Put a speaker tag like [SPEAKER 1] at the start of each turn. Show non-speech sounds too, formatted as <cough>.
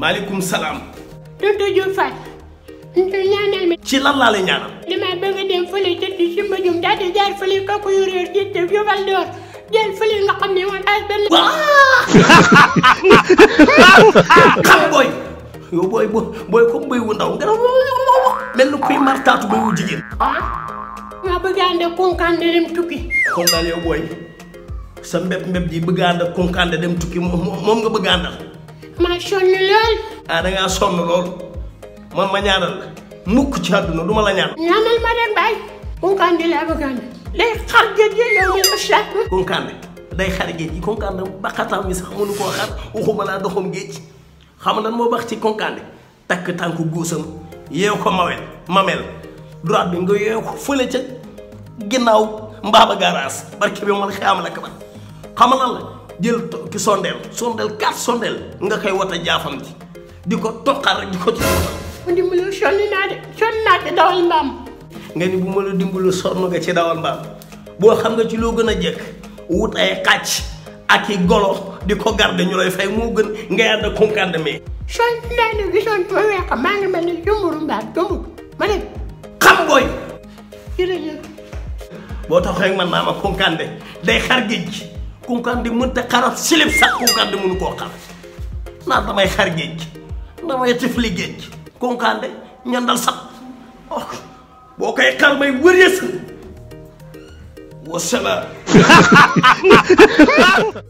[SPEAKER 1] maaleykum salaam.
[SPEAKER 2] tonton Diop Fall. tonton ñaanal ci lan laa lay ñaanal. damaa bëgg a dem fële ca Ticimba Dioum daal jaar fële kooku yu réer
[SPEAKER 1] booy. booy booy bëy wu ndaw nga
[SPEAKER 2] doon
[SPEAKER 1] mel ni kuy martaatu bëy wu jigéen. Ah,
[SPEAKER 2] ma bëgg ànd ak konkande dem tukki.
[SPEAKER 1] kon daal booy sa mbëb mbëb ji bëgg ànd dem tukki moom nga bëgg àndal.
[SPEAKER 2] sonn lool.
[SPEAKER 1] ah da ngaa lool man ma ñaanal la mukk ci àdduna du ma la ñaan.
[SPEAKER 2] ñaanal ma dem baay. Kunkande laa bëgg a day xar géej gi day xar géej gi Kunkande
[SPEAKER 1] baqatam bi sax mënu koo xar waxuma laa doxum géej xam lan moo bax ci Kunkande takk tànku góosam yeew ko mawel mamel droite bi nga yeew ko fële ca ginnaaw mbaaba garaas barke bi man xeexam la kaban xam lan la. jël ki sondeel sondeel kaat sondeel nga koy wata jaafam ji di ko toqal rek di ko ci watal
[SPEAKER 2] mu dimbalu sonni naa
[SPEAKER 1] nga ni bu ma la dimbalu sonn nga ci dawal mbaam boo xam nga ci loo gën a jekk wut ay xàcc ak i golo di ko garde ñu lay fay moo gën nga yàlla da konkande mais
[SPEAKER 2] son naa ne gisoon ba weexa maa ngi mel ni jumburu mbaam jumbur ma ne xam booy
[SPEAKER 1] boo tax rek man naa ma konkande day xar géej
[SPEAKER 2] kunkande mënta xarab
[SPEAKER 1] silib sax kunkande mënu koo xarab naan damay xar géej gi damay tifli géej gi ñandal sax oh, boo koy xar may wëree sax wasalaam <laughs>